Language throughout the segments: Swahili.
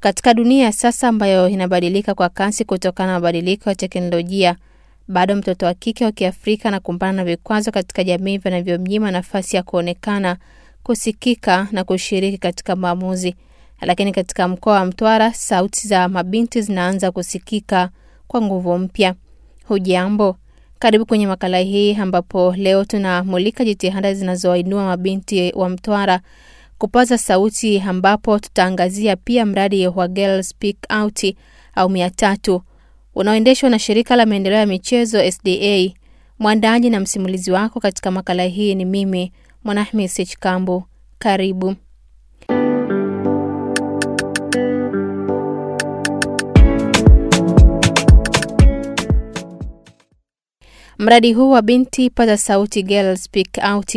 Katika dunia ya sasa ambayo inabadilika kwa kasi kutokana na mabadiliko ya teknolojia, bado mtoto wa kike wa Kiafrika anakumbana na vikwazo katika jamii vinavyomnyima nafasi ya kuonekana, kusikika na kushiriki katika maamuzi. Lakini katika mkoa wa Mtwara, sauti za mabinti zinaanza kusikika kwa nguvu mpya. Hujambo, karibu kwenye makala hii ambapo leo tunamulika jitihada zinazoinua mabinti wa Mtwara kupaza sauti, ambapo tutaangazia pia mradi wa Girls Speak Out au mia tatu unaoendeshwa na shirika la maendeleo ya michezo SDA. Mwandaji na msimulizi wako katika makala hii ni mimi Mwanahmis Chikambu. Karibu. Mradi huu wa binti paza sauti Girls Speak Out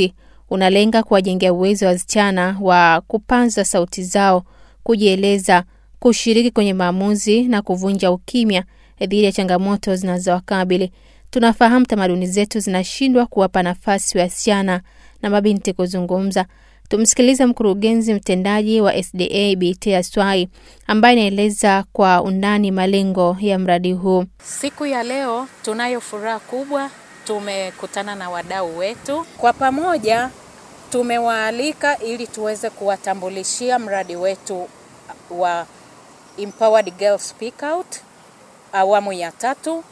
unalenga kuwajengea uwezo wasichana wa kupanza sauti zao, kujieleza, kushiriki kwenye maamuzi na kuvunja ukimya dhidi ya changamoto zinazowakabili. Tunafahamu tamaduni zetu zinashindwa kuwapa nafasi wasichana na mabinti kuzungumza. Tumsikilize mkurugenzi mtendaji wa SDA Bt Aswai ambaye anaeleza kwa undani malengo ya mradi huu. Siku ya leo tunayo furaha kubwa, tumekutana na wadau wetu kwa pamoja Tumewaalika ili tuweze kuwatambulishia mradi wetu wa Empowered Girls Speak Out awamu ya tatu.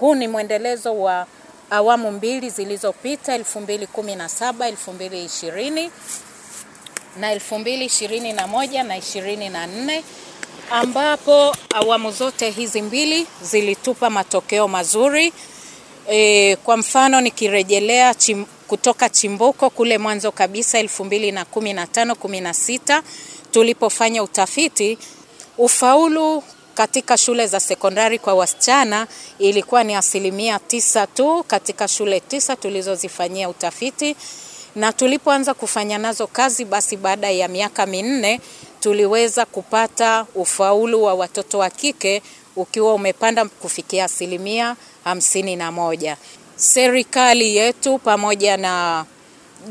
Huu ni mwendelezo wa awamu mbili zilizopita 2017, 2020 na 2021 na 24, ambapo awamu zote hizi mbili zilitupa matokeo mazuri. E, kwa mfano nikirejelea kutoka chimbuko kule mwanzo kabisa 2015 16 tulipofanya utafiti, ufaulu katika shule za sekondari kwa wasichana ilikuwa ni asilimia tisa tu katika shule tisa tulizozifanyia utafiti, na tulipoanza kufanya nazo kazi, basi baada ya miaka minne tuliweza kupata ufaulu wa watoto wa kike ukiwa umepanda kufikia asilimia hamsini na moja serikali yetu pamoja na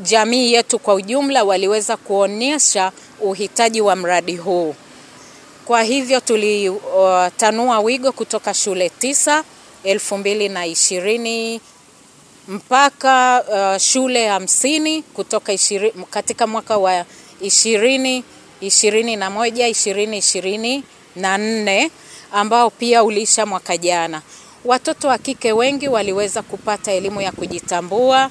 jamii yetu kwa ujumla waliweza kuonyesha uhitaji wa mradi huu. Kwa hivyo tulitanua uh, wigo kutoka shule tisa elfu mbili na ishirini mpaka uh, shule hamsini kutoka ishiri, katika mwaka wa ishirini ishirini na moja ishirini ishirini na nne ambao pia uliisha mwaka jana watoto wa kike wengi waliweza kupata elimu ya kujitambua,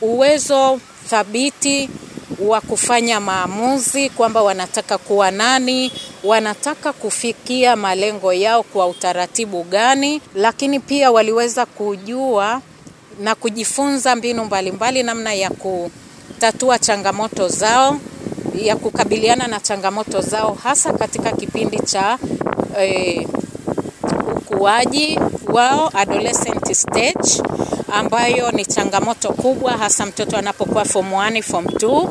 uwezo thabiti wa kufanya maamuzi kwamba wanataka kuwa nani, wanataka kufikia malengo yao kwa utaratibu gani, lakini pia waliweza kujua na kujifunza mbinu mbalimbali, namna ya kutatua changamoto zao, ya kukabiliana na changamoto zao hasa katika kipindi cha eh, ukuaji wao adolescent stage, ambayo ni changamoto kubwa, hasa mtoto anapokuwa form 1, form 2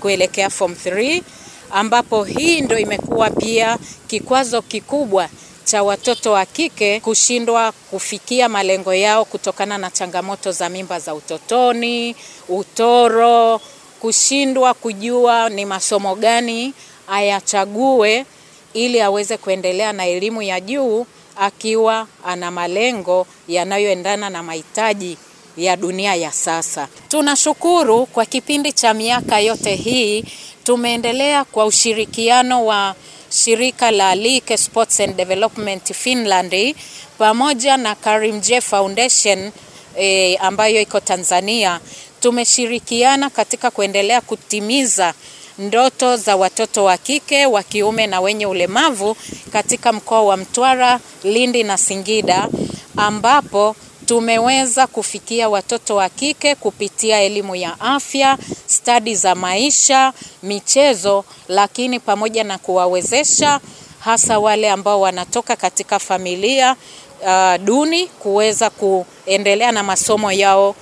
kuelekea form 3, ambapo hii ndo imekuwa pia kikwazo kikubwa cha watoto wa kike kushindwa kufikia malengo yao kutokana na changamoto za mimba za utotoni, utoro, kushindwa kujua ni masomo gani ayachague ili aweze kuendelea na elimu ya juu akiwa ana malengo yanayoendana na mahitaji ya dunia ya sasa. Tunashukuru kwa kipindi cha miaka yote hii tumeendelea kwa ushirikiano wa shirika la Like Sports and Development Finland pamoja na J Foundation e, ambayo iko Tanzania tumeshirikiana katika kuendelea kutimiza ndoto za watoto wa kike, wa kiume na wenye ulemavu katika mkoa wa Mtwara, Lindi na Singida ambapo tumeweza kufikia watoto wa kike kupitia elimu ya afya, stadi za maisha, michezo, lakini pamoja na kuwawezesha hasa wale ambao wanatoka katika familia uh, duni kuweza kuendelea na masomo yao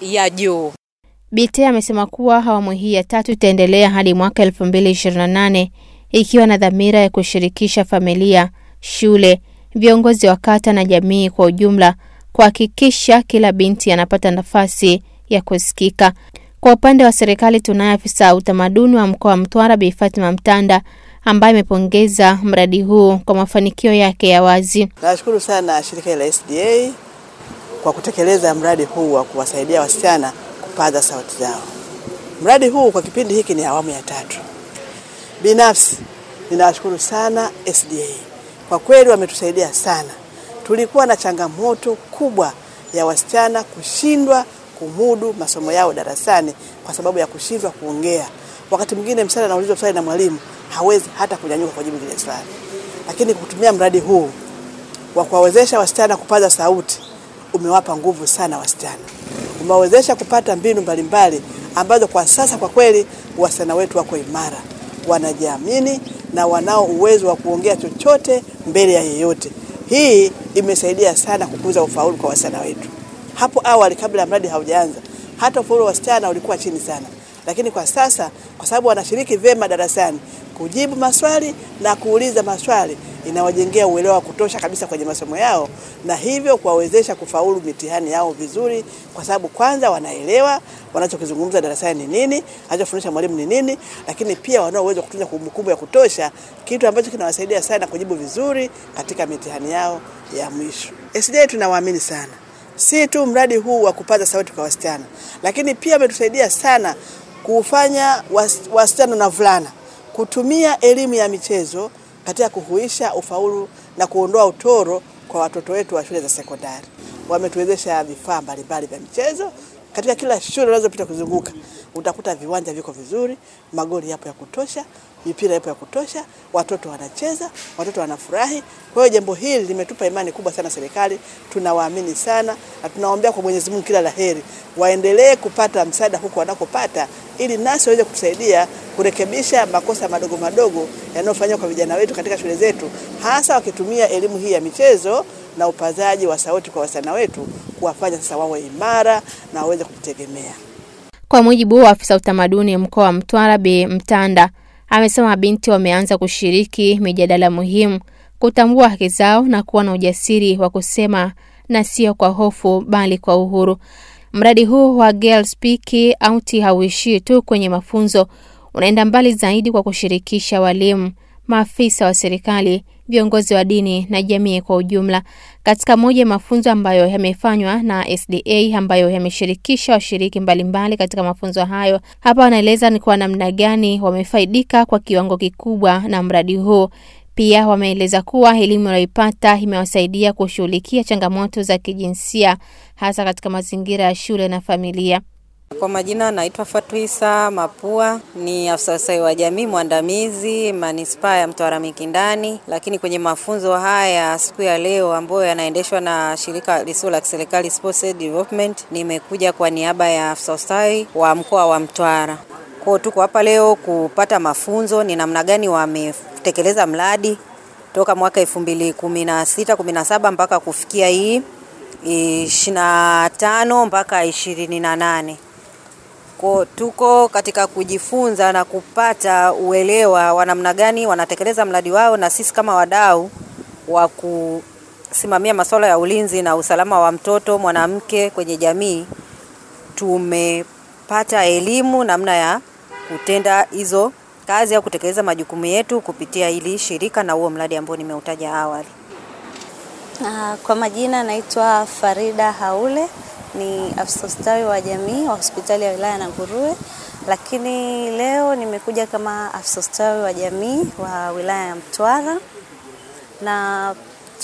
ya juu. Bite amesema kuwa awamu hii ya tatu itaendelea hadi mwaka 2028 ikiwa na dhamira ya kushirikisha familia, shule, viongozi wa kata na jamii kwa ujumla kuhakikisha kila binti anapata nafasi ya kusikika. Kwa upande wa serikali, tunaye afisa utamaduni wa mkoa wa Mtwara Bi Fatima Mtanda ambaye amepongeza mradi huu kwa mafanikio yake ya wazi. Nashukuru sana shirika la SDA kwa kutekeleza mradi huu wa kuwasaidia wasichana kupaza sauti zao. Mradi huu kwa kipindi hiki ni awamu ya tatu. Binafsi ninawashukuru sana SDA, kwa kweli wametusaidia sana. Tulikuwa na changamoto kubwa ya wasichana kushindwa kumudu masomo yao darasani kwa sababu ya kushindwa kuongea. Wakati mwingine msichana anaulizwa swali na mwalimu hawezi hata kunyanyuka jibu lile swali, lakini kutumia mradi huu wa kuwawezesha wasichana kupaza sauti umewapa nguvu sana wasichana umawezesha kupata mbinu mbalimbali ambazo kwa sasa kwa kweli wasichana wetu wako imara, wanajiamini na wanao uwezo wa kuongea chochote mbele ya yeyote. Hii imesaidia sana kukuza ufaulu kwa wasichana wetu. Hapo awali kabla ya mradi haujaanza, hata ufaulu wa wasichana ulikuwa chini sana, lakini kwa sasa, kwa sababu wanashiriki vyema darasani kujibu maswali na kuuliza maswali inawajengea uelewa wa kutosha kabisa kwenye masomo yao, na hivyo kuwawezesha kufaulu mitihani yao vizuri, kwa sababu kwanza wanaelewa wanachokizungumza darasani ni nini, anachofundisha mwalimu ni nini, lakini pia wanao uwezo kutunza kumbukumbu ya kutosha, kitu ambacho kinawasaidia sana kujibu vizuri katika mitihani yao ya mwisho. SDA tunawaamini sana, si tu mradi huu wa kupaza sauti kwa wasichana, lakini pia ametusaidia sana kufanya wasichana na vulana kutumia elimu ya michezo katika kuhuisha ufaulu na kuondoa utoro kwa watoto wetu wa shule za sekondari. Wametuwezesha vifaa mbalimbali vya michezo katika kila shule unazopita kuzunguka, utakuta viwanja viko vizuri, magoli yapo ya kutosha mipira ipo ya kutosha, watoto wanacheza, watoto wanafurahi. Kwa hiyo jambo hili limetupa imani kubwa sana serikali, tunawaamini sana na tunaombea kwa Mwenyezi Mungu kila laheri, waendelee kupata msaada huko wanakopata, ili nasi waweze kutusaidia kurekebisha makosa madogo madogo yanayofanywa kwa vijana wetu katika shule zetu, hasa wakitumia elimu hii ya michezo na upazaji wa sauti kwa wasichana wetu, kuwafanya sasa wawe imara na waweze kujitegemea. Kwa mujibu wa afisa utamaduni mkoa wa Mtwara Bi Mtanda Amesema binti wameanza kushiriki mijadala muhimu, kutambua haki zao na kuwa na ujasiri wa kusema, na sio kwa hofu, bali kwa uhuru. Mradi huu wa Girl hauishii tu kwenye mafunzo, unaenda mbali zaidi kwa kushirikisha walimu, maafisa wa serikali viongozi wa dini na jamii kwa ujumla. Katika moja ya mafunzo ambayo yamefanywa na SDA ambayo yameshirikisha washiriki mbalimbali katika mafunzo hayo, hapa wanaeleza ni kwa namna gani wamefaidika kwa kiwango kikubwa na mradi huu. Pia wameeleza kuwa elimu waliyoipata imewasaidia kushughulikia changamoto za kijinsia hasa katika mazingira ya shule na familia. Kwa majina naitwa Fatuisa Mapua, ni afisa ustawi wa jamii mwandamizi manispaa ya Mtwara Mikindani. Lakini kwenye mafunzo haya siku ya leo ambayo yanaendeshwa na shirika lisilo la kiserikali Sports Development, nimekuja kwa niaba ya afisa ustawi wa mkoa wa Mtwara. Kwa tuko hapa leo kupata mafunzo ni namna gani wametekeleza mradi toka mwaka 2016 17 mpaka kufikia hii 25 mpaka 28. Ko, tuko katika kujifunza na kupata uelewa wa namna gani wanatekeleza mradi wao, na sisi kama wadau wa kusimamia masuala ya ulinzi na usalama wa mtoto mwanamke kwenye jamii tumepata elimu namna ya kutenda hizo kazi au kutekeleza majukumu yetu kupitia hili shirika na huo mradi ambao nimeutaja awali. Ah, kwa majina naitwa Farida Haule ni afisa ustawi wa jamii wa hospitali ya wilaya Nanguruwe, lakini leo nimekuja kama afisa ustawi wa jamii wa wilaya ya Mtwara na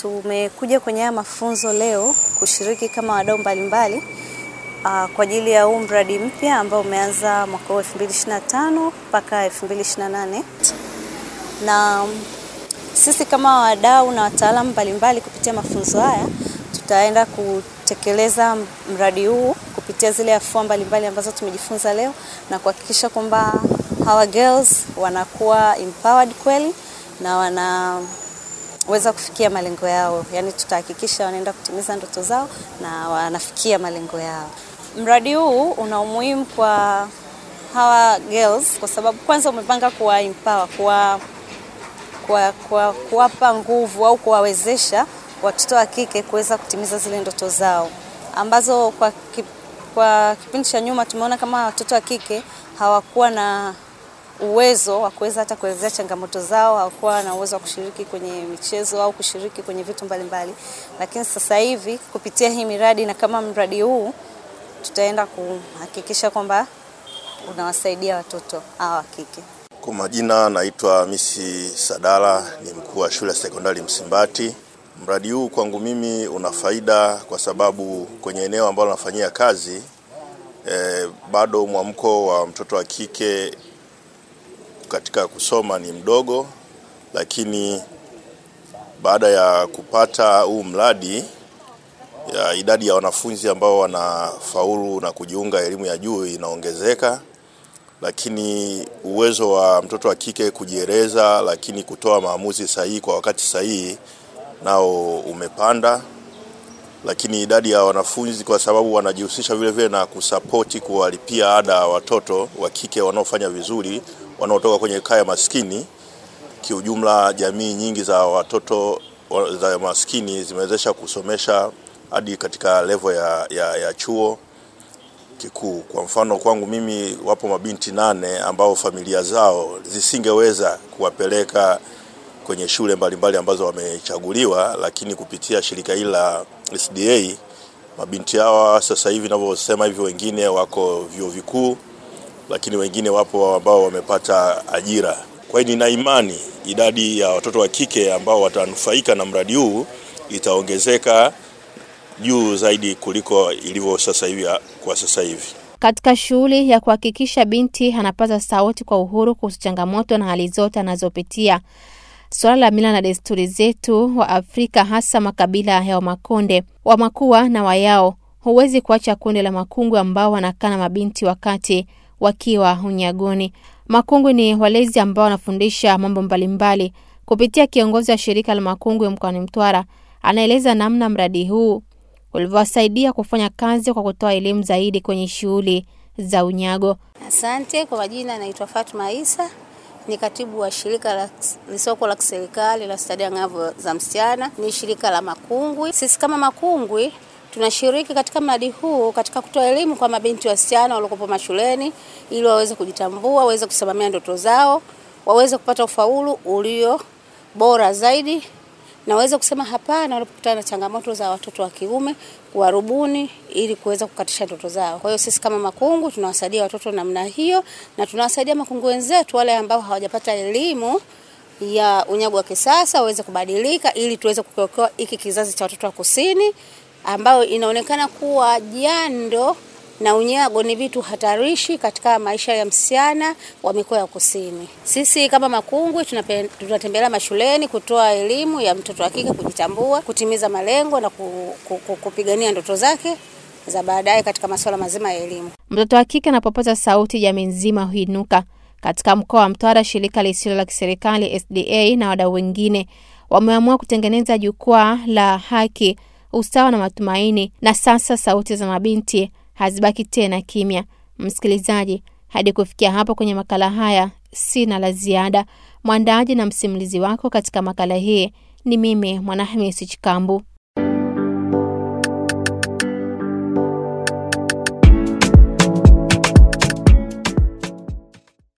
tumekuja kwenye haya mafunzo leo kushiriki kama wadau mbalimbali uh, kwa ajili ya huu mradi mpya ambao umeanza mwaka 2025 mpaka 2028 na mm, sisi kama wadau na wataalamu mbalimbali kupitia mafunzo haya tutaenda ku kutekeleza mradi huu kupitia zile afua mbalimbali ambazo tumejifunza leo na kuhakikisha kwamba hawa girls wanakuwa empowered kweli na wanaweza kufikia malengo yao, yaani tutahakikisha wanaenda kutimiza ndoto zao na wanafikia malengo yao. Mradi huu una umuhimu kwa hawa girls kwa sababu kwanza umepanga kuwa empower, kuwa kuwapa nguvu au kuwawezesha watoto wa kike kuweza kutimiza zile ndoto zao ambazo kwa, kip, kwa kipindi cha nyuma tumeona kama watoto wa kike hawakuwa na uwezo wa kuweza hata kuelezea changamoto zao, hawakuwa na uwezo wa kushiriki kwenye michezo au kushiriki kwenye vitu mbalimbali mbali. Lakini sasa hivi kupitia hii miradi na kama mradi huu tutaenda kuhakikisha kwamba unawasaidia watoto hawa wa kike. Kwa majina naitwa Misi Sadala, ni mkuu wa shule ya sekondari Msimbati. Mradi huu kwangu mimi una faida kwa sababu kwenye eneo ambalo nafanyia kazi e, bado mwamko wa mtoto wa kike katika kusoma ni mdogo, lakini baada ya kupata huu mradi ya idadi ya wanafunzi ambao wanafaulu na kujiunga elimu ya juu inaongezeka, lakini uwezo wa mtoto wa kike kujieleza, lakini kutoa maamuzi sahihi kwa wakati sahihi nao umepanda, lakini idadi ya wanafunzi kwa sababu wanajihusisha vile vile na kusapoti kuwalipia ada ya watoto wa kike wanaofanya vizuri wanaotoka kwenye kaya maskini. Kiujumla, jamii nyingi za watoto za maskini zimewezesha kusomesha hadi katika levo ya, ya, ya chuo kikuu. Kwa mfano kwangu mimi, wapo mabinti nane ambao familia zao zisingeweza kuwapeleka kwenye shule mbalimbali ambazo wamechaguliwa, lakini kupitia shirika hili la SDA mabinti hawa sasa hivi ninavyosema hivi, wengine wako vyuo vikuu, lakini wengine wapo ambao wamepata ajira. Kwa hiyo nina imani idadi ya watoto wa kike ambao watanufaika na mradi huu itaongezeka juu zaidi kuliko ilivyo sasa hivi kwa sasa hivi. Katika shughuli ya kuhakikisha binti anapata sauti kwa uhuru kuhusu changamoto na hali zote anazopitia suala la mila na desturi zetu wa Afrika, hasa makabila ya Wamakonde, Wamakua na Wayao. Huwezi kuacha kundi la Makungu ambao wanakaa na mabinti wakati wakiwa unyagoni. Makungu ni walezi ambao wanafundisha mambo mbalimbali. Kupitia kiongozi wa shirika la Makungu mkoani Mtwara, anaeleza namna mradi huu ulivyowasaidia kufanya kazi kwa kutoa elimu zaidi kwenye shughuli za unyago. Asante kwa majina, anaitwa Fatma Isa ni katibu wa shirika la lisoko la kiserikali la stadia ng'avo za msichana, ni shirika la Makungwi. Sisi kama Makungwi tunashiriki katika mradi huu katika kutoa elimu kwa mabinti wasichana waliokopo mashuleni ili waweze kujitambua, waweze kusimamia ndoto zao, waweze kupata ufaulu ulio bora zaidi Naweza kusema hapana wanapokutana na changamoto za watoto wa kiume kuwarubuni ili kuweza kukatisha ndoto zao. Kwa hiyo sisi kama makungu tunawasaidia watoto namna hiyo, na tunawasaidia makungu wenzetu wale ambao hawajapata elimu ya unyago wa kisasa waweze kubadilika, ili tuweze kukiokoa hiki kizazi cha watoto wa kusini ambayo inaonekana kuwa jando na unyago ni vitu hatarishi katika maisha ya msichana wa mikoa ya kusini. Sisi kama Makungwi tunatembelea mashuleni kutoa elimu ya mtoto wa kike kujitambua, kutimiza malengo na kupigania ndoto zake za baadaye katika masuala mazima ya elimu. Mtoto wa kike anapopata sauti, jamii nzima huinuka. Katika mkoa wa Mtwara, shirika lisilo la kiserikali SDA na wadau wengine wameamua kutengeneza jukwaa la haki, usawa na matumaini, na sasa sauti za mabinti hazibaki tena kimya. Msikilizaji, hadi kufikia hapo kwenye makala haya, sina la ziada. Mwandaaji na msimulizi wako katika makala hii ni mimi Mwanahamisi Chikambu.